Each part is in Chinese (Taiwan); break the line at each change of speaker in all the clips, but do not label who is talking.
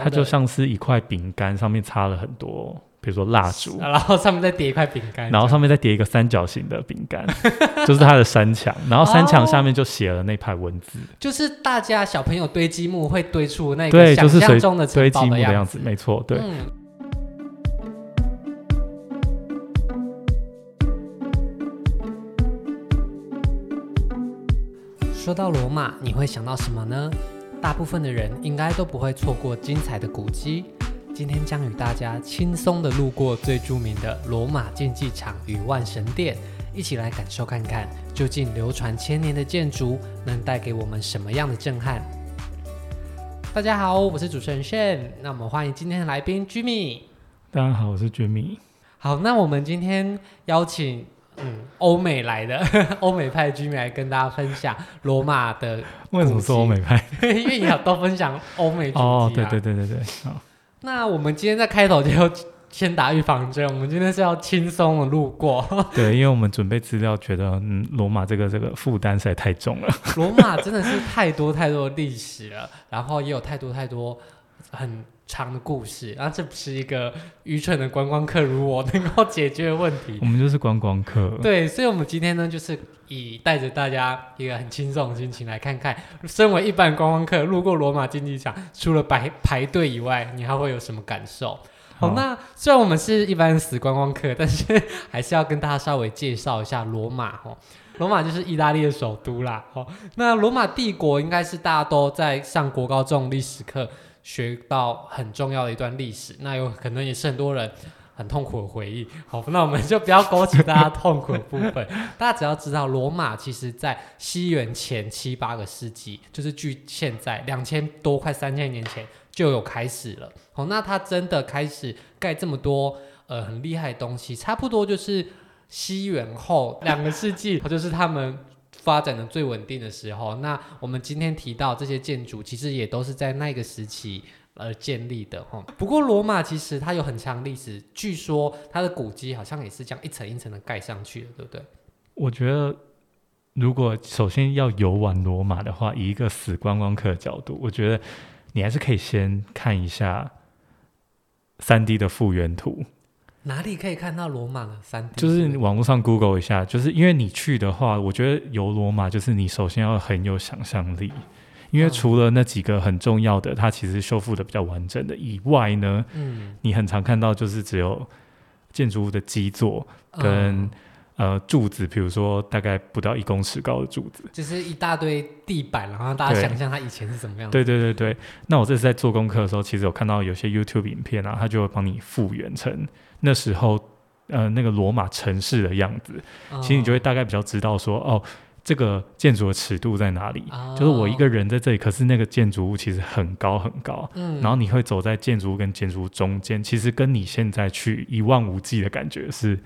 它就
像是一塊餅乾，上面插了很多，比如說蠟燭、啊，然
後上面再疊一塊餅乾，然
後上面再疊一個三角形的餅乾， 就是它的山牆，然後山牆下面就寫了那排文字、哦，
就是大家小朋友堆積木會堆出那個想象中的，的、就是、堆積木的樣子，沒錯，對。嗯、說到羅馬，你會想到什麼呢？大部分的人應該都不會錯過精彩的古蹟。今天將與大家輕鬆的路過最著名的羅馬競技場與萬神殿，一起來感受看看，究竟流傳千年的建築能帶給我們什麼樣的震撼？大家好，我是主持人 Shane，那我們歡迎今天的來賓 Jimmy。
大家好，我是 Jimmy。
好，那我們今天邀請。嗯，歐美來的歐美派居民來跟大家分享羅馬的。為什麼說歐美派？ 因為你要多分享歐美主題啊。哦。對
對對對、哦、
那我們今天在開頭就要先打預防針，我們今天是要輕鬆
的路過。對，因為我們準備資料覺得，嗯，羅馬這個這個負擔實在太重了。
羅馬真的是太多太多的歷史了， 然後也有太多太多很。長的故事，然、啊、後這不是一個愚蠢的觀光客如我能夠解決的問
題。我們就是觀光客，對，
所以我們今天呢，就是以帶着大家一個很輕鬆的心情來看看，身為一般觀光客路過羅馬競技場，除了排排隊以外，你還會有什麼感受？好，好，那雖然我們是一般死觀光客，但是還是要跟大家稍微介紹一下羅馬。哦，羅馬就是意大利的首都啦。哦，那羅馬帝國應該是大家都在上國高中歷史課。學到很重要的一段歷史，那有可能也是很多人很痛苦的回憶。好，那我們就不要勾起大家痛苦的部分。 大家只要知道，羅馬其實在西元前七八個世紀，就是距現在兩千多快三千年前就有開始了。好，那它真的開始蓋這麼多呃很厲害的東西，差不多就是西元後兩個世紀，它 就是他們發展的最穩定的時候，那我們今天提到這些建築，其實也都是在那個時期而建立的哈、嗯。不過羅馬其實它有很長歷史，據說它的古蹟好像也是這樣一層一層的蓋上去的，對不對？
我覺得，如果首先要遊玩羅馬的話，以一個死觀光客的角度，我覺得你還是可以先看一下三 D 的復原圖。
哪裡可以看到羅馬的三？就
是網絡上 Google 一下。就是因為你去的話，我覺得遊羅馬就是你首先要很有想象力因為除了那幾個很重要的，它其實修復的比較完整的以外呢，嗯，你很常看到就是只有建築物的基座跟。呃，柱子，比如說大概不到一公尺高的柱子，
就是一大堆地板，然後大家想象它以前是什麼樣的。對
對對對，那我這次在做功課的時候，其實有看到有些 YouTube 影片啊，他就會幫你復原成那時候呃那個羅馬城市的樣子。哦、其實你就會大概比較知道說，哦，這個建築的尺度在哪裡？哦、就是我一個人在這裡，可是那個建築物其實很高很高。嗯、然後你會走在建築物跟建築物中間，其實跟你現在去一望無際的感覺是。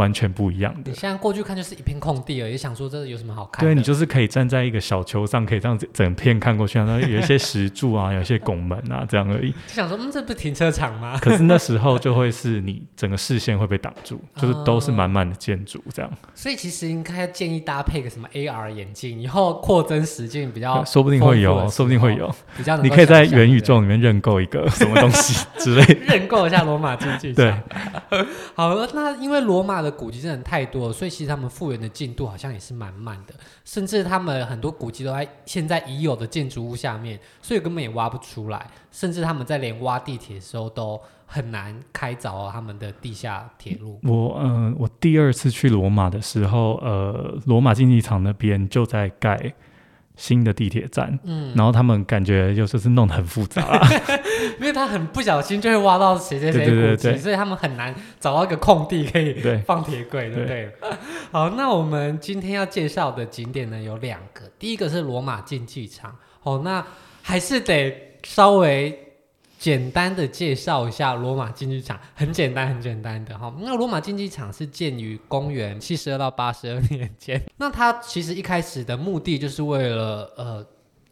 完全不一樣的。
你現在過去看就是一片空地了，也想說這有什麼好看？對，你
就是可以站在一個小球上，可以這樣整片看過去啊，然後有一些石柱啊， 有一些拱門啊，這樣而已。
就想說，嗯，這不是停車場嗎？ 可是那
時候就會是你整個視線會被擋住，就是都是滿滿的建築這樣、
嗯。所以其實應該建議搭配個什麼 AR 眼鏡，以後擴增實境比較，說不定會有，說不定會有。比較想想，你可以在元
宇宙裡面認購一個什麼東西之類， 認購一下羅馬競技。對，
好了，那因為羅馬的。古蹟真的太多了，所以其實他們復原的進度好像也是蠻慢的，甚至他們很多古蹟都在現在已有的建築物下面，所以根本也挖不出來。甚至他們在連挖地鐵的時候都很難開鑿他們的地下鐵路。
我嗯、呃，我第二次去羅馬的時候，呃，羅馬競技場那邊就在蓋。新的地鐵站，嗯，然後他們感覺就是是弄得很複雜，因
為他很不小心就會挖到誰誰誰古蹟，所以他們很難找到一個空地可以放鐵軌，對不對？好，那我們今天要介紹的景點呢，有兩個，第一個是羅馬競技場，哦，那還是得稍微。簡單的介紹一下羅馬競技場，很簡單，很簡單的哈。那羅馬競技場是建於公元七十二到八十二年間。那它其實一開始的目的就是為了呃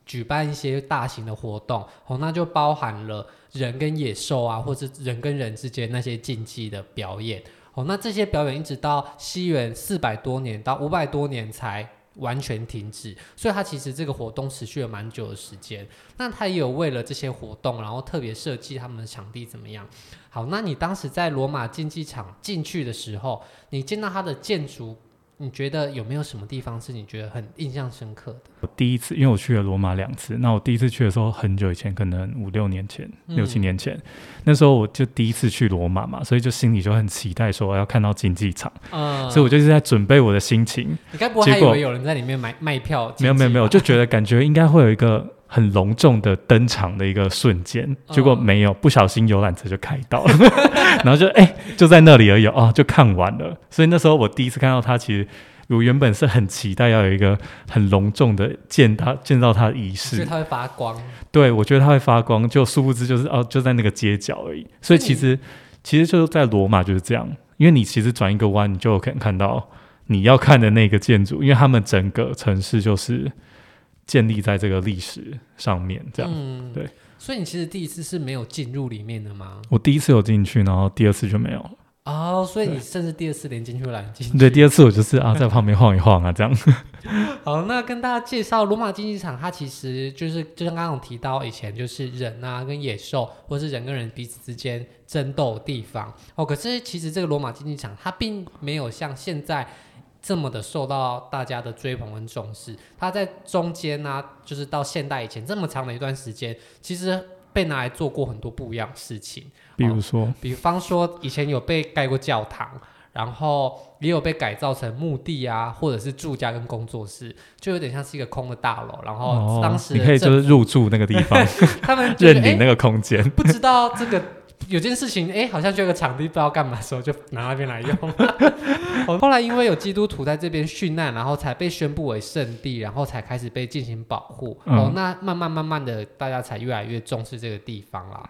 舉辦一些大型的活動，哦，那就包含了人跟野獸啊，或是人跟人之間那些競技的表演。哦。那這些表演一直到西元四百多年到五百多年才。完全停止，所以它其實這個活動持續了蠻久的時間。那它也有為了這些活動，然後特別設計他們的場地怎麼樣？好，那你當時在羅馬競技場進去的時候，你見到它的建築？你覺得有沒有什麼地方是你覺得很印象深刻的？
我第一次，因為我去了羅馬兩次，那我第一次去的時候很久以前，可能五六年前、嗯、六七年前，那時候我就第一次去羅馬嘛，所以就心裡就很期待，說我要看到競技場、嗯、所以我就是在準備我的心情。你該不會還以為有人在裡面買賣，賣票？沒有沒有沒有，就覺得感覺應該會有一個。很隆重的登場的一個瞬間，哦、結果沒有，不小心遊覽車就開到了， 然後就誒、欸、就在那裡而已哦，就看完了。所以那時候我第一次看到它，其實我原本是很期待要有一個很隆重的見它見到它的儀式，就它
會發光。
對，我覺得它會發光，就殊不知就是哦，就在那個街角而已。所以其實、嗯、其實就是在羅馬就是這樣，因為你其實轉一個彎，你就可能看到你要看的那個建築，因為他們整個城市就是。建立在這個歷史上面，這樣、嗯、對。
所以你其實第一次是沒有進入裡面的嗎？
我第一次有進去，然後第二次就沒有
了啊、哦。所以你甚至第二次連進去都來不及。對，第二次我就是啊，在旁邊晃一晃啊， 這樣。好，那跟大家介紹羅馬競技場，它其實就是就像剛剛有提到，以前就是人啊，跟野獸，或者是人跟人彼此之間爭鬥的地方哦。可是其實這個羅馬競技場，它並沒有像現在。這麼的受到大家的追捧和重視，它在中間呢、啊，就是到現代以前這麼長的一段時間，其實被拿來做過很多不一樣的事情。
比如說、啊，
比方說以前有被蓋過教堂，然後也有被改造成墓地啊，或者是住家跟工作室，就有點像是一個空的大樓。然後當時、哦、你可以就是入住那個地方，他們 認領那個空間，不知道這個。有件事情，哎、欸，好像就有個場地，不知道幹嘛的時候就拿那邊來用。 後來因為有基督徒在這邊殉難，然後才被宣布為聖地，然後才開始被進行保護。嗯、哦，那慢慢慢慢的，大家才越來越重視這個地方啦。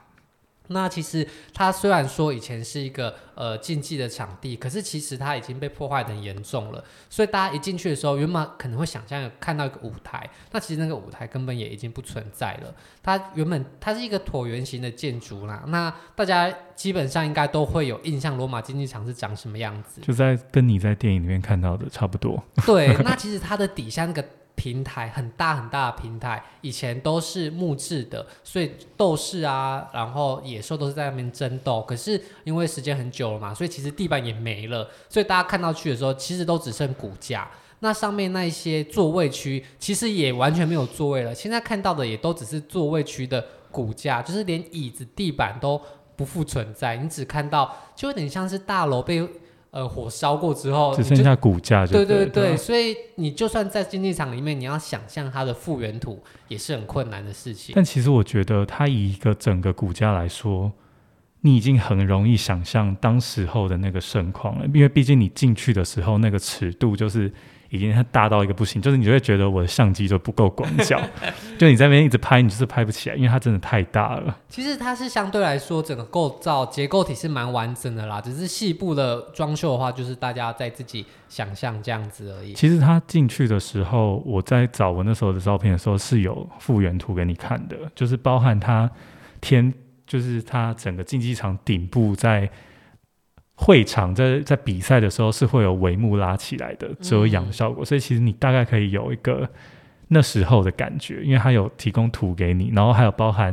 那其實它雖然說以前是一個呃競技的場地，可是其實它已經被破壞得很嚴重了。所以大家一進去的時候，原本可能會想象有看到一個舞台，那其實那個舞台根本也已經不存在了。它原本它是一個橢圓形的建築啦，啊。那大家基本上應該都會有印象，羅馬競技場是長什麼樣子？就
在跟你在電影裡面看到的差不多。對，那
其實它的底下那個。平台，很大很大的平台，以前都是木質的，所以鬥士啊，然後野獸都是在那邊爭鬥。可是因為時間很久了嘛，所以其實地板也沒了，所以大家看到去的時候，其實都只剩骨架。那上面那些座位區，其實也完全沒有座位了。現在看到的也都只是座位區的骨架，就是連椅子、地板都不復存在，你只看到就有點像是大樓被。呃，火燒過之後，只剩下骨架就。對，對對對，對，所以你就算在競技場裡面，你要想象它的復原圖，也是很困難的事情。但
其實我覺得，它以一個整個骨架來說，你已經很容易想象當時候的那個盛況了，因為畢竟你進去的時候，那個尺度就是。已經大到一個不行，就是你就會覺得我的相機就不夠廣角， 就你在那邊一直拍，你就是拍不起來，因為它真的太大了。
其實它是相對來說整個構造結構體是蠻完整的啦，只是細部的裝修的話，就是大家在自己想象這樣子而已。其
實它進去的時候，我在找我那時候的照片的時候，是有復原圖給你看的，就是包含它天，就是它整個競技場頂部在。會場在在比賽的時候是會有帷幕拉起來的遮陽效果，嗯、所以其實你大概可以有一個那時候的感覺，因為它有提供圖給你，然後還有包含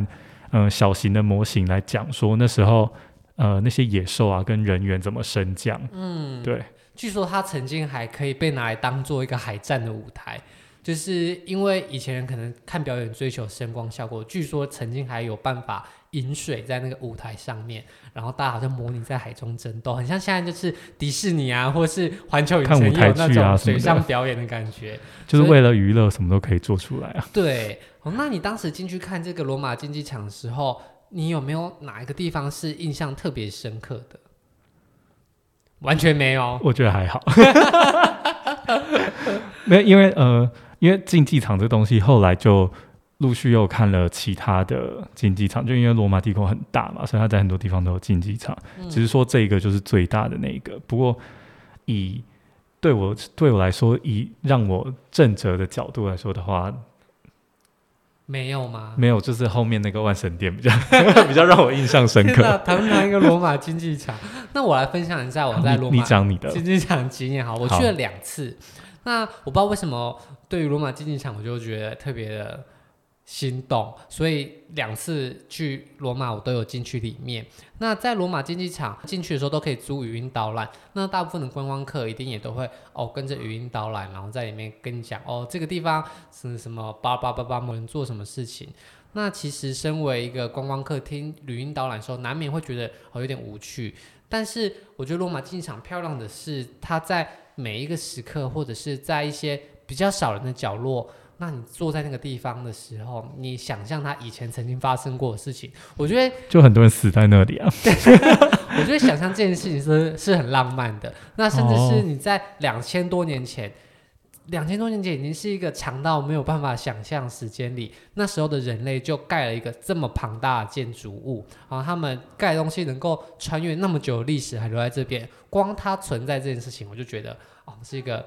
嗯、呃、小型的模型來講說那時候呃那些野獸啊跟人員怎麼升降。嗯，對。
據說它曾經還可以被拿來當做一個海戰的舞台，就是因為以前可能看表演追求的聲光效果，據說曾經還有辦法。引水在那個舞台上面，然後大家好像模擬在海中爭鬥，很像現在就是迪士尼啊，或是環球影城看舞台劇啊，水上表演的感覺。啊、所以就是為
了娛樂，什麼都可以做出來啊。
對，哦，那你當時進去看這個羅馬競技場的時候，你有沒有哪一個地方是印象特別深刻的？
完全沒有，我覺得還好。沒有，因為呃，因為競技場這東西後來就。陸續又有看了其他的競技場，就因為羅馬帝國很大嘛，所以他在很多地方都有競技場。嗯、只是說這個就是最大的那個。不過以，以對我對我來說，以讓我正則的角度來說的話，
沒有嗎？
沒有，就是後面那個萬神殿比較 比較讓我印象深刻。談不談一
個羅馬競技場？ 那我來分享一下我在羅馬、啊、你講你，你的競技場經驗。好，我去了兩次。好那我不知道為什麼對於羅馬競技場，我就覺得特別的。心動，所以兩次去羅馬，我都有進去裡面。那在羅馬競技場進去的時候，都可以租語音導覽。那大部分的觀光客一定也都會哦跟着語音導覽，然後在裡面跟你講哦這個地方是什麼、什麼，巴巴巴巴，某人做什麼事情。那其實身為一個觀光客聽語音導覽的時候，難免會覺得哦有點無趣。但是我覺得羅馬競技場漂亮的是，它在每一個時刻，或者是在一些比較少人的角落。那你坐在那個地方的時候，你想象它以前曾經發生過的事情，我覺得
就很多人死在那裡啊。
我覺得想象這件事情是是很浪漫的。那甚至是你在兩千多年前，兩千、哦、多年前已經是一個長到沒有辦法想象時間裡，那時候的人類就蓋了一個這麼龐大的建築物後、啊、他們蓋東西能夠穿越那麼久的歷史還留在這邊，光它存在這件事情，我就覺得啊、哦、是一個。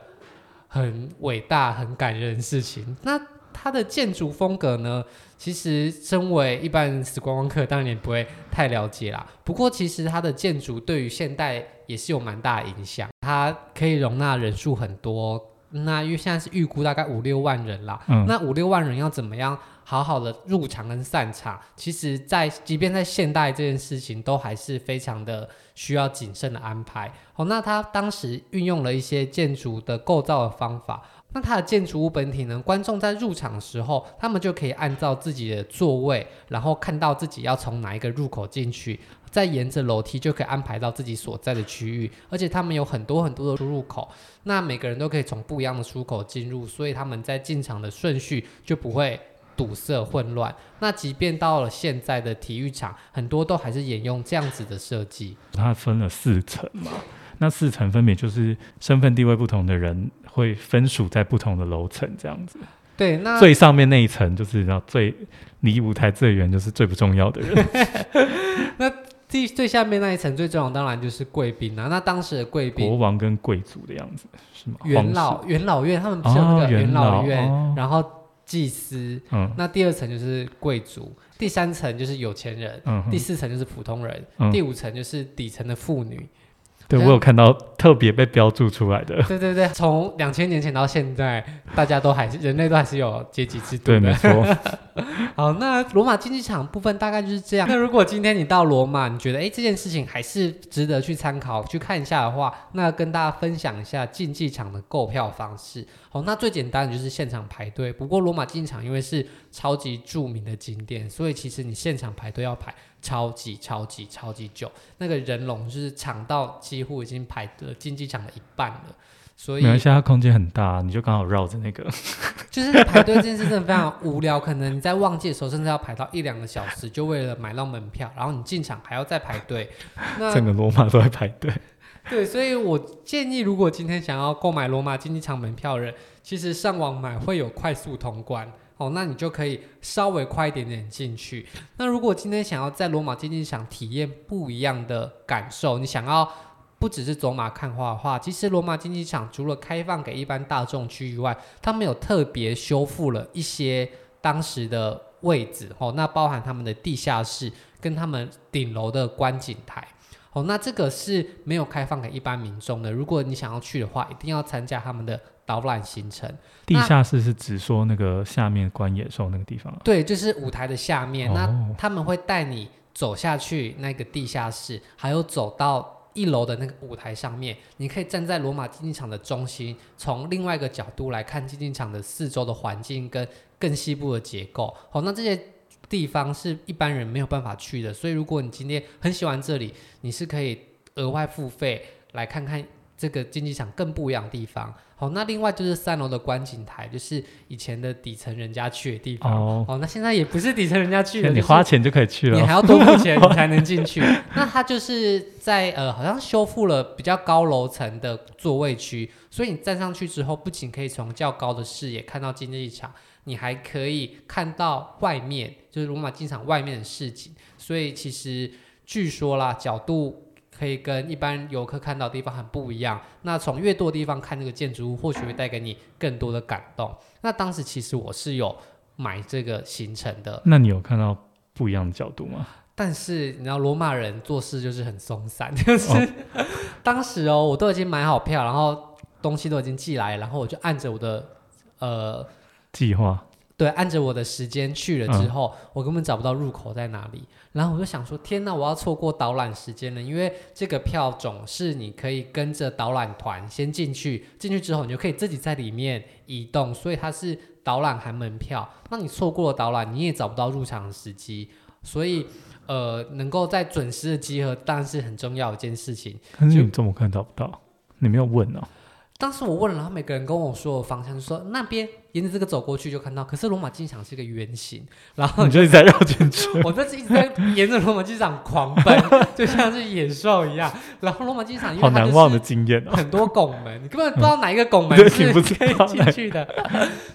很偉大、很感人的事情。那它的建築風格呢？其實，身為一般觀光客，當然也不會太了解啦。不過，其實它的建築對於現代也是有蠻大的影響。它可以容納人數很多，那因為現在是預估大概五六萬人啦。嗯、那五六萬人要怎麼樣好好的入場跟散場？其實，在即便在現代這件事情，都還是非常的。需要謹慎的安排。好，那他當時運用了一些建築的構造的方法。那他的建築物本體呢？觀眾在入場的時候，他們就可以按照自己的座位，然後看到自己要從哪一個入口進去，再沿着樓梯就可以安排到自己所在的區域。而且他們有很多很多的出入口，那每個人都可以從不一樣的出口進入，所以他們在進場的順序就不會。堵塞混亂。那即便到了現在的體育場，很多都還是沿用這樣子的設計。
它分了四層嘛，那四層分別就是身份地位不同的人會分屬在不同的樓層，這樣子。對，那最上面那一層就是要最離舞台最遠，就是最不重要的
人。 那最最下面那一層最重要，當然就是貴賓。那當時的貴賓，國
王跟貴族的樣子是嗎？元老元老院，他們不是有那個元老院，哦元
老哦，然後。祭司，嗯、那第二層就是貴族，第三層就是有錢人，嗯、哼第四層就是普通人，嗯、第五層就是底層的婦女。
對，我有看到特別被標注出來的。
對對對，從兩千年前到現在，大家都還是 人類都還是有階級
制度的。對，沒錯。
好，那羅馬競技場部分大概就是這樣。那如果今天你到羅馬，你覺得哎、欸、這件事情還是值得去參考去看一下的話，那跟大家分享一下競技場的購票方式。好、哦，那最簡單的就是現場排隊。不過羅馬競技場因為是超級著名的景點，所以其實你現場排隊要排。超級超級超級久，那個人龍就是長到幾乎已經排得競技場的一半了。所以，等一下
它空間很大，你就剛好繞着那個。
就是排隊這件事真的非常無聊， 可能你在旺季的時候，甚至要排到一兩個小時，就為了買到門票。然後你進場還要再排隊， 那整個羅馬都在排隊。對，所以我建議，如果今天想要購買羅馬競技場門票的人，其實上網買會有快速通關。哦，那你就可以稍微快一點點進去。那如果今天想要在羅馬競技場體驗不一樣的感受，你想要不只是走馬看花的話，其實羅馬競技場除了開放給一般大眾區域外，他們有特別修復了一些當時的位置哦，那包含他們的地下室跟他們頂樓的觀景台。哦，那這個是沒有開放給一般民眾的。如果你想要去的話，一定要參加他們的。導覽行程，地下
室是指說那個下面關野獸那個地方？啊，
對，就是舞台的下面。那他們會帶你走下去那個地下室，哦、還有走到一樓的那個舞台上面，你可以站在羅馬競技場的中心，從另外一個角度來看競技場的四周的環境跟更西部的結構。好、哦，那這些地方是一般人沒有辦法去的，所以如果你今天很喜歡這裡，你是可以額外付費來看看這個競技場更不一樣的地方。好、哦，那另外就是三樓的觀景台，就是以前的底層人家去的地方。Oh. 哦。那現在也不是底層人家去了。你花錢就可以去了。你還要多付錢你才能進去。 oh. 那它就是在呃，好像修復了比較高樓層的座位區，所以你站上去之後，不僅可以從較高的視野看到競技場，你還可以看到外面，就是羅馬競技場外面的市景。所以其實據說啦，角度。可以跟一般遊客看到的地方很不一樣。那從越多的地方看那個建築物，或許會帶給你更多的感動。那當時其實我是有買這個行程的。那
你有看到不一樣的角度嗎？
但是你知道，羅馬人做事就是很鬆散。就是、哦、當時哦，我都已經買好票，然後東西都已經寄來，然後我就按着我的呃計劃。對，按着我的時間去了之後，我根本找不到入口在哪裡。嗯、然後我就想說，天哪，我要錯過導覽時間了，因為這個票種是你可以跟着導覽團先進去，進去之後你就可以自己在裡面移動，所以它是導覽含門票。那你錯過了導覽，你也找不到入場時機，所以呃，能夠在準時的集合當然是很重要的一件事情。
可是你怎就麼看找不到？你沒有問呢、啊？
當時我問了，然後每個人跟我說方向，說那邊沿着這個走過去就看到。可是羅馬競技場是一個圓形，然後你就一直在繞進去，我就是 一直在沿着羅馬競技場狂奔， 就像是野獸一樣。然後羅馬競技場因為很多拱門，根本、哦、 不，不知道哪一個拱門是可以、嗯、進去的。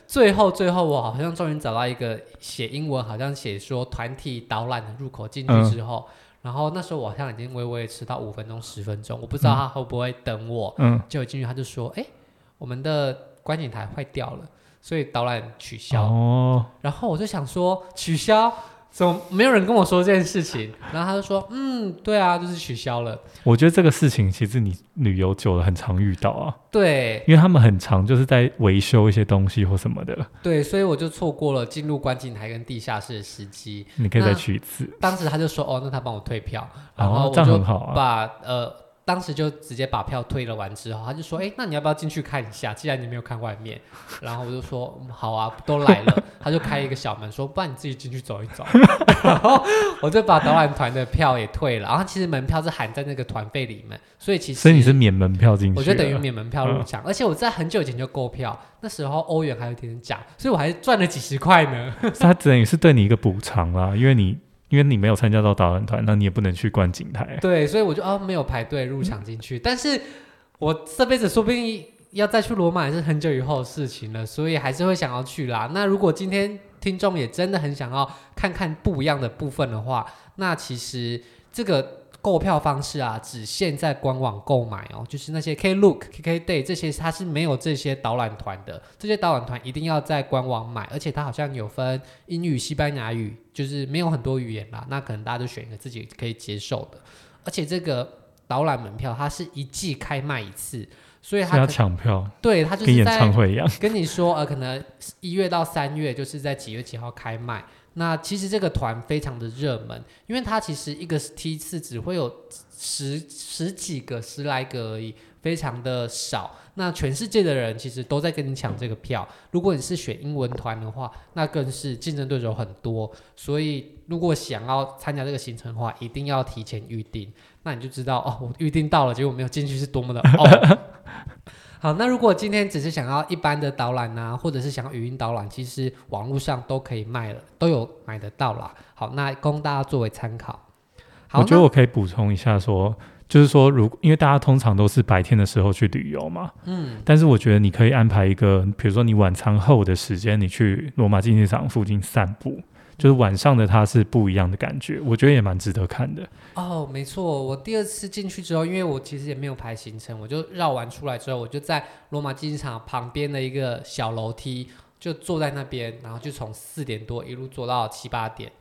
最後，最後我好像終於找到一個寫英文，好像寫說團體導覽的入口，進去之後。嗯然後那時候我好像已經微微遲到五分鐘十分鐘，我不知道他會不會等我，嗯嗯、就進去他就說：“哎、欸，我們的觀景台壞掉了，所以導覽取消。”哦，然後我就想說：“取消。”怎麼沒有人跟我說這件事情？然後他就說，嗯，對啊，就是取消了。
我覺得這個事情其實你旅遊久了很常遇到啊。對，因為他們很常就是在維修一些東西或什麼的。
對，所以我就錯過了進入觀景台跟地下室的時機。你可以再去一次。當時他就說，哦，那他幫我退票，好啊，然後我就把這樣很好，啊，呃。當時就直接把票退了完之後，他就說：“哎、欸，那你要不要進去看一下？既然你沒有看外面。”然後我就說、嗯：“好啊，都來了。” 他就開一個小門說：“不然你自己進去走一走。” 然後我就把導覽團的票也退了。然後其實門票是含在那個團費裡面，所以其實所以你是免門票進去，我就等於免門票入場。嗯、而且我在很久以前就購票，那時候歐元還有點假。所以我還賺了幾十塊呢。他
等於是對你一個補償啦，因為你。因為你沒有參加到導覽團，那你也不能去觀景台。
對，所以我就哦，沒有排隊入場進去。嗯、但是，我這輩子說不定要再去羅馬也是很久以後的事情了，所以還是會想要去啦。那如果今天聽眾也真的很想要看看不一樣的部分的話，那其實這個。購票方式啊，只限在官網購買哦。就是那些 Klook、KKday 這些，它是沒有這些導覽團的。這些導覽團一定要在官網買，而且它好像有分英語、西班牙語，就是沒有很多語言啦。那可能大家都選一個自己可以接受的。而且這個導覽門票，它是一季開賣一次，所以它所以要搶票。對，它就是跟演唱會一樣。跟你說，呃，可能一月到三月就是在幾月幾號開賣。那其實這個團非常的熱門，因為它其實一個梯次只會有十十幾個十來個而已，非常的少。那全世界的人其實都在跟你搶這個票。如果你是選英文團的話，那更是競爭對手很多。所以如果想要參加這個行程的話，一定要提前預定。那你就知道哦，我預定到了，結果沒有進去，是多麼的、哦 好，那如果今天只是想要一般的導覽啊，或者是想要語音導覽，其實網絡上都可以賣了，都有買得到啦。好，那供大家作為參考。
好，我覺得我可以補充一下說，說就是說如果，如因為大家通常都是白天的時候去旅遊嘛，嗯，但是我覺得你可以安排一個，比如說你晚餐後的時間，你去羅馬競技場附近散步。就是晚上的它是不一樣的感覺，我覺得也蠻值得看的。
哦，沒錯，我第二次進去之後，因為我其實也沒有排行程，我就繞完出來之後，我就在羅馬競技場旁邊的一個小樓梯就坐在那邊，然後就從四點多一路坐到七八點，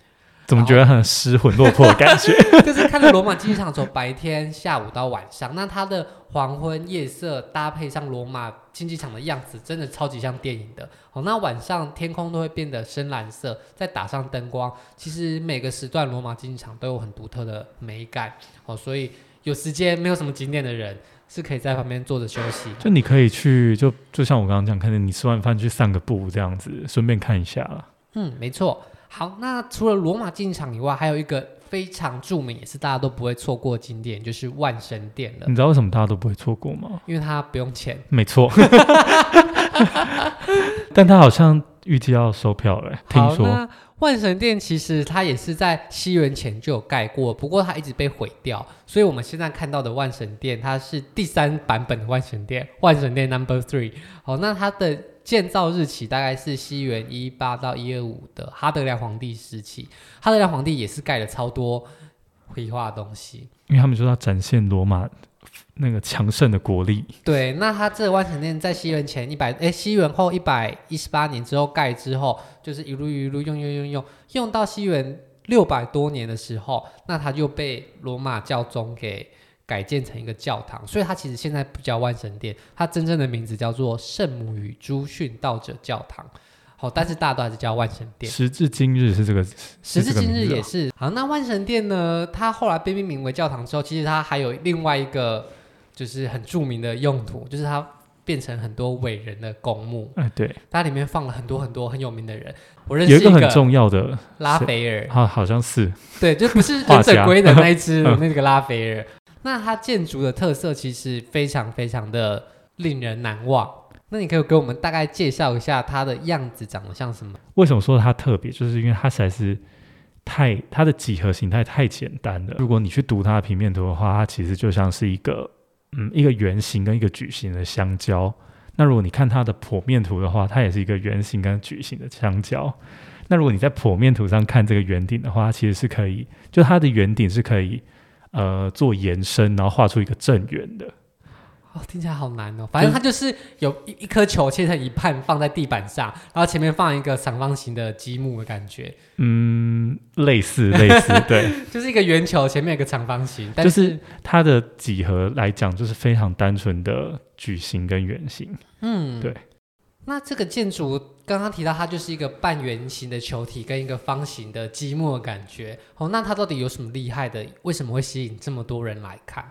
總覺得很失魂落魄的感覺。
哦、 就是看着羅馬競技場從白天下午到晚上， 那它的黃昏夜色搭配上羅馬。競技場的樣子真的超級像電影的好。哦，那晚上天空都會變得深藍色，再打上燈光，其實每個時段羅馬競技場都有很獨特的美感哦。所以有時間沒有什麼景點的人是可以在旁邊坐着休息，
就你可以去，就就像我剛剛這樣，看見你吃完飯去散個步這樣子，順便看一下啦。
嗯，沒錯。好，那除了羅馬競技場以外，還有一個。非常著名，也是大家都不會錯過的經典，就是萬神殿了。你知道為什麼大家都不會錯過嗎？因為它不用錢。沒錯，
但他好像預計要收票了。好，聽說
萬神殿其實它也是在西元前就有蓋過，不過它一直被毀掉，所以我們現在看到的萬神殿它是第三版本的萬神殿，萬神殿 Number Three。好，那它的。建造日期大概是西元一八到一二五的哈德良皇帝時期，哈德良皇帝也是蓋了超多繪畫的東西，
因為他們說他展現羅馬那個強盛的國力。
對，那他這個萬神殿在西元前一百哎，西元後一百一十八年之後蓋之後，就是一路一路用用用用用到西元六百多年的時候，那他就被羅馬教宗給改建成一個教堂，所以它其實現在不叫萬神殿，它真正的名字叫做聖母與諸殉道者教堂。好、哦，但是大家都還是叫萬神殿。時
至今日是這個，這個字啊、時至今日也是。
好，那萬神殿呢？它後來被命名為教堂之後，其實它還有另外一個，就是很著名的用途，嗯、就是它變成很多偉人的公墓。哎、嗯，對，它裡面放了很多很多很有名的人。我認識一個，有一個很重要的拉斐爾啊，好像是，對，就不是忍者龜的那一只畫家、 嗯、那個拉斐爾。那它建築的特色其實非常非常的令人難忘。那你可以給我們大概介紹一下它的樣子長得像什麼？
為什麼說它特別？就是因為它實在是太，它的幾何形態太簡單了。如果你去讀它的平面圖的話，它其實就像是一個嗯，一個圓形跟一個矩形的相交。那如果你看它的剖面圖的話，它也是一個圓形跟矩形的相交。那如果你在剖面圖上看這個圓頂的話，它其實是可以，就它的圓頂是可以。呃，做延伸，然後畫出一個正圓的，
哦，聽起來好難哦。反正它就是有一一顆球切成一半，放在地板上，然後前面放一個長方形的積木的感覺。嗯，
類似類似，對，
就是一個圓球前面有一個長方形，但是，就是
它的幾何來講就是非常單純的矩形跟圓形。嗯，對。
那這個建築剛剛提到，它就是一個半圓形的球體跟一個方形的積木的感覺。哦，那它到底有什麼厲害的？為什麼會吸引這麼多人來看？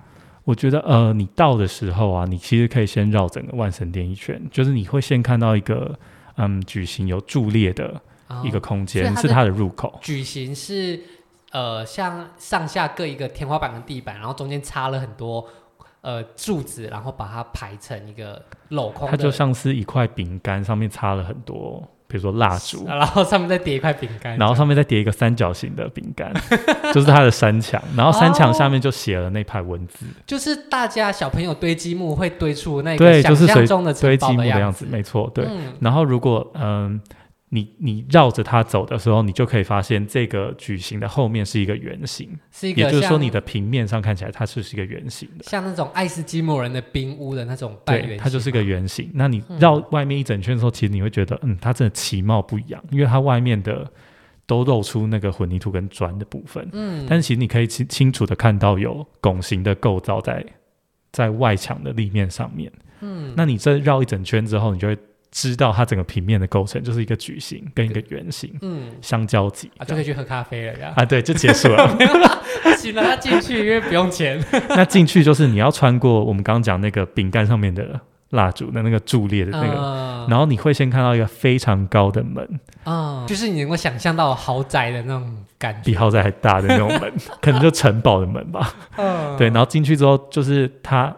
我覺得，呃，你到的時候啊，你其實可以先繞整個萬神殿一圈，就是你會先看到一個嗯矩形有柱列的一個空間，哦、它是它的入口。矩
形是呃，像上下各一個天花板跟地板，然後中間插了很多。呃，柱子，然後把它排成一個鏤空，它就像
是一塊餅乾，上面插了很多，比如說蠟燭，啊、然
後上面再疊一塊餅乾，然
後上面再疊一個三角形的餅乾， 就是它的山牆，然後山牆下面就寫了那排文字、
哦，就是大家小朋友堆積木會堆出那個想象中的、的、就是、堆積木的樣子，沒錯，對。嗯、
然後如果、呃、嗯。你你繞着它走的時候，你就可以發現這個矩形的後面是一個圓形，也就是說，你的平面上看起來它就是一個圓形
的，像那種愛斯基摩人的冰屋的那種半圓形。對，它就是個圓形。那你繞
外面一整圈的時候，嗯、其實你會覺得，嗯，它真的其貌不揚，因為它外面的都露出那個混凝土跟磚的部分。嗯，但是其實你可以清清楚的看到有拱形的構造在在外牆的立面上面。嗯，那你這繞一整圈之後，你就會。知道它整個平面的構成就是一個矩形跟一個圓形，嗯，相交集啊，就可以去喝咖啡了呀，啊，對，就結束了，
請了，它進去，因為不用錢。 那
進去就是你要穿過我們剛剛講那個餅乾上面的蠟燭的那個柱列的那個，嗯、然後你會先看到一個非常高的門
啊、嗯，就是你能夠想象到豪宅的那種感覺，比豪宅還大的那種門，
可能就城堡的門吧。嗯、對，然後進去之後就是它。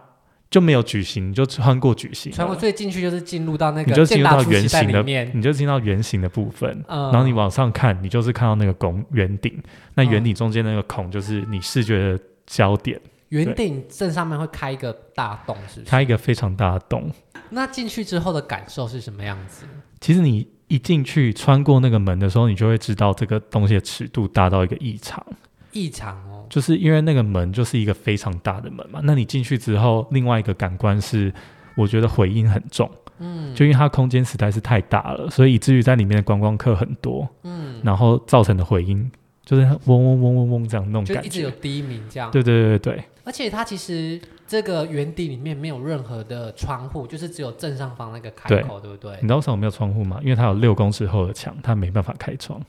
就沒有矩形，你就穿過矩形，穿過最
進去就是進入到那個你到，你就進入到圓形的面，
你就進到圓形的部分，嗯、然後你往上看，你就是看到那個拱圓頂，那圓頂中間那個孔就是你視覺的焦點。圓頂、
嗯、對正上面會開一個大洞是、是，是
開一個非常大的洞。
那進去之後的感受是什麼樣子？
其實你一進去穿過那個門的時候，你就會知道這個東西的尺度達到一個異常。異常哦，就是因為那個門就是一個非常大的門嘛。那你進去之後，另外一個感官是，我覺得回音很重，嗯，就因為它空間實在是太大了，所以以至於在裡面的觀光客很多，嗯，然後造成的回音就是嗡嗡嗡嗡嗡這樣弄，感覺就一直有低鳴這樣。對對對對。
而且它其實這個圓頂裡面沒有任何的窗戶，就是只有正上方那個開口，對，對不對？你
知道為什麼沒有窗戶嗎？因為它有六公尺厚的牆，它沒辦法開窗。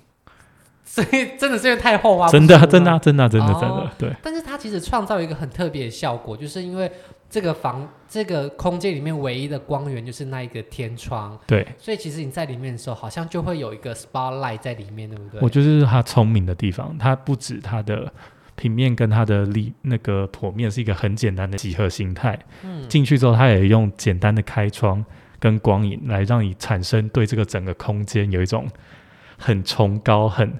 所以真的是太厚啊！真的，真的，真的，真的，真的，對。但是它其實創造一個很特別的效果，就是因為這個房這個空間裡面唯一的光源就是那一個天窗，對。所以其實你在裡面的時候，好像就會有一個 spotlight 在裡面，對不對？我覺得是
他聰明的地方，他不止他的平面跟他的裡那個坡面是一個很簡單的幾何形態，嗯，進去之後他也用簡單的開窗跟光影來讓你產生對這個整個空間有一種。很崇高，很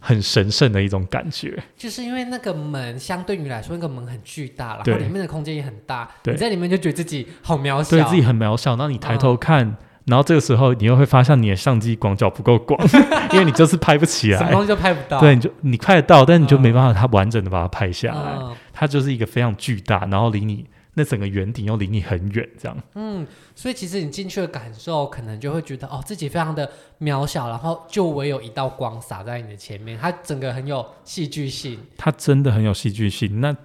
很神聖的一種感覺，
就是因為那個門相對於來說，那個門很巨大，然後裡面的空間也很大，對你在裡面就覺得自己好渺
小，對自己很渺小。然後你抬頭看，嗯、然後這個時候你又會發現你的相機廣角不夠廣， 因為你就是拍不起來， 什麼東西都拍不到。對，你就你拍得到，但你就沒辦法它完整的把它拍下來，嗯、它就是一個非常巨大，然後離你。那整個圓頂又離你很遠，這樣。
嗯，所以其實你進去的感受，可能就會覺得哦，自己非常的渺小，然後就唯有一道光灑在你的前面。它整個很有戲劇性，
它真的很有戲劇性。那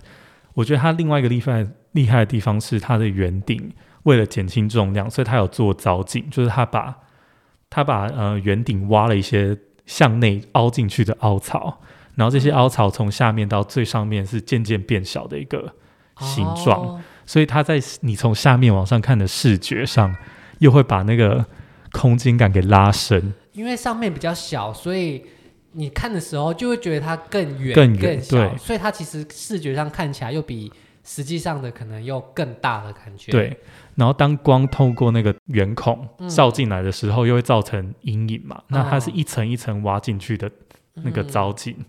我覺得它另外一個厲害，厲害的地方是，它的圓頂為了減輕重量，所以它有做藻井，就是它把它把呃圓頂挖了一些向內凹進去的凹槽，然後這些凹槽從下面到最上面是漸漸變小的一個形狀。嗯哦所以它在你從下面往上看的視覺上，又會把那個空間感給拉伸。
因為上面比較小，所以你看的時候就會覺得它更遠、更遠。更小。對，所以它其實視覺上看起來又比實際上的可能又更大的感覺。對。
然後當光透過那個圓孔照進來的時候，嗯、又會造成陰影嘛？嗯、那它是一層一層挖進去的那個藻井，嗯、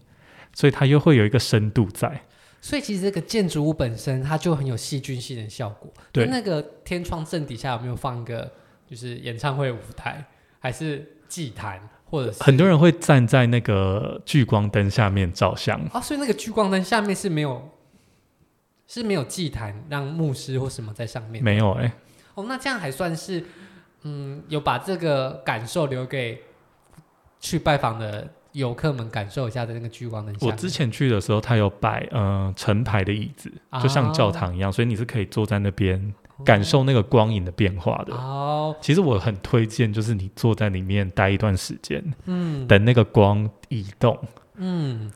所以它又會有一個深度在。
所以其實這個建築物本身，它就很有戲劇性的效果。對，那個天窗正底下有沒有放一個，就是演唱會舞台，還是祭壇，或者
是很多人會站在那個聚光燈下面照相
啊。所以那個聚光燈下面是沒有，是沒有祭壇讓牧師或什麼在上面？沒有哎、欸，哦，那這樣還算是，嗯，有把這個感受留給去拜訪的遊客們感受一下的那個聚光燈。我之
前去的時候擺，它有擺嗯成排的椅子，就像教堂一樣，oh. 所以你是可以坐在那邊感受那個光影的變化的。Okay . Oh. 其實我很推薦，就是你坐在裡面待一段時間，嗯，等那個光移動，嗯。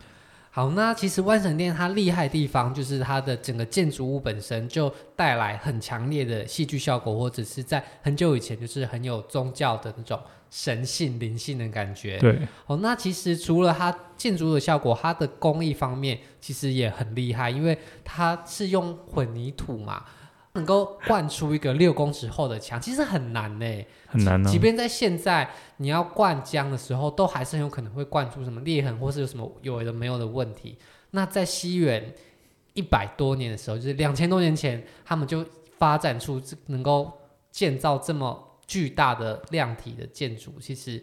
好，那其實萬神殿它厲害的地方，就是它的整個建築物本身就帶來很強烈的戲劇效果，或者是在很久以前就是很有宗教的那種神性、靈性的感覺。對，好，哦，那其實除了它建築的效果，它的工藝方面其實也很厲害，因為它是用混凝土嘛。能夠灌出一個六公尺厚的牆，其實很難嘞、欸，很難、喔。即便在現在，你要灌漿的時候，都還是很有可能會灌出什麼裂痕，或是有什麼有的沒有的問題。那在西元一百多年的時候，就是兩千多年前，他們就發展出能夠建造這麼巨大的量體的建築，其實。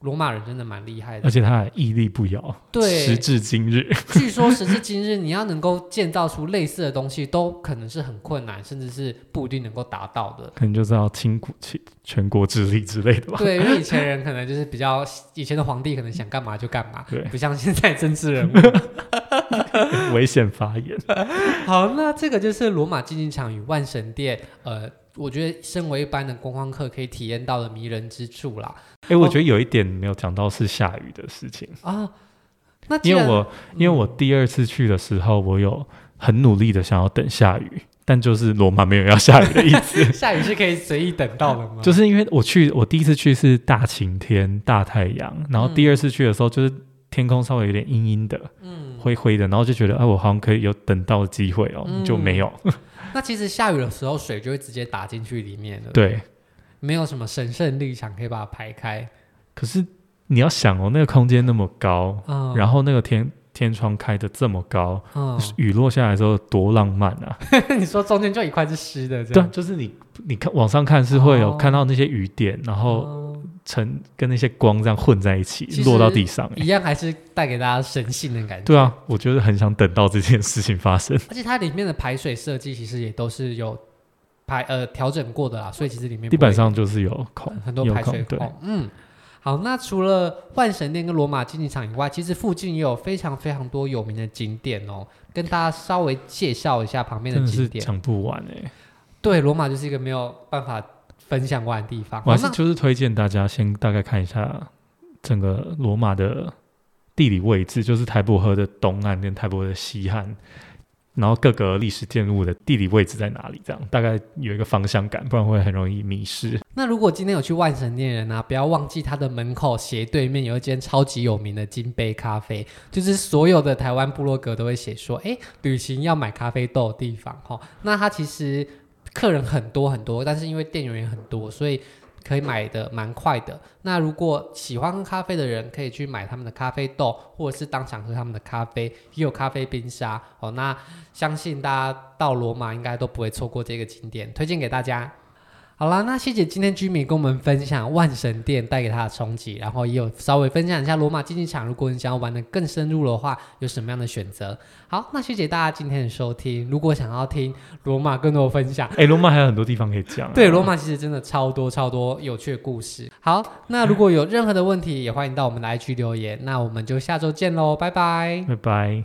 羅馬人真的蠻厲害的，而且他還屹立
不搖。對，時至今日，據說時至
今日， 你要能夠建造出類似的東西，都可能是很困難，甚至是不一定能夠達到
的。可能就是要傾國傾全國之力之類的吧。對，因為以前
人可能就是比較以前的皇帝，可能想幹嘛就幹嘛，對， 不像現在政治人物 危
險發言。
好，那這個就是羅馬競技場與萬神殿，呃。我覺得身為一般的觀光客可以體驗到的迷人之處啦。哎、欸，我覺
得有一點沒有講到是下雨的事情
啊。哦、因為我
因為我第二次去的時候，嗯、我有很努力的想要等下雨，但就是羅馬沒有要下雨的意思。 下雨是
可以隨意等到的嗎？就
是因為我去我第一次去是大晴天大太陽，然後第二次去的時候、嗯、就是天空稍微有點陰陰的，嗯，灰灰的，然後就覺得哎、啊，我好像可以有等到的機會哦，你就沒有。嗯
那其實下雨的時候，水就會直接打進去裡面了。對，對沒有什麼神聖力場可以把它排開。
可是你要想哦，那個空間那麼高，哦、然後那個天天窗開得這麼高，哦、雨落下來之後多浪漫啊！
你說中間就一塊是濕的這樣，對，就是你
你看往上看是會有看到那些雨點，哦、然後。哦成跟那些光這樣混在一起其實落到地上、欸，
一樣還是帶給大家神性的感覺。
對啊，我就是很想等到這件事情發生。
而且它裡面的排水設計其實也都是有排呃調整過的啊，所以其實裡面地板上就是有
孔，很多排水孔、哦。
嗯，好，那除了萬神殿跟羅馬競技場以外，其實附近也有非常非常多有名的景點哦、喔，跟大家稍微介紹一下旁邊的景點，講不
完哎、
欸。對，羅馬就是一個沒有辦法。分享過的地方，我還是就
是推薦大家先大概看一下整個羅馬的地理位置，就是台伯河的東岸跟台伯的西岸，然後各個歷史建物的地理位置在哪裡，這樣大概有一個方向感，不然會很容易迷失。
那如果今天有去萬神殿人啊，不要忘記它的門口斜對面有一間超級有名的金杯咖啡，就是所有的台灣部落格都會寫說，哎，旅行要買咖啡豆的地方、哦、那它其實。客人很多很多，但是因為店員也很多，所以可以買的蠻快的。那如果喜歡喝咖啡的人，可以去買他們的咖啡豆，或者是當場喝他們的咖啡，也有咖啡冰沙。好、哦，那相信大家到羅馬應該都不會錯過這個景點，推薦給大家。好啦，那謝謝今天 Jimmy 跟我們分享萬神殿帶給他的衝擊，然後也有稍微分享一下羅馬競技場。如果你想要玩得更深入的話，有什麼樣的選擇？好，那謝謝，大家今天的收聽，如果想要聽羅馬更多的分享，哎、欸，羅馬
還有很多地方可以講、啊。對，羅馬其實
真的超多超多有趣的故事。好，那如果有任何的問題，也歡迎到我們的 IG 留言。那我們就下週見嘍，拜拜，拜拜。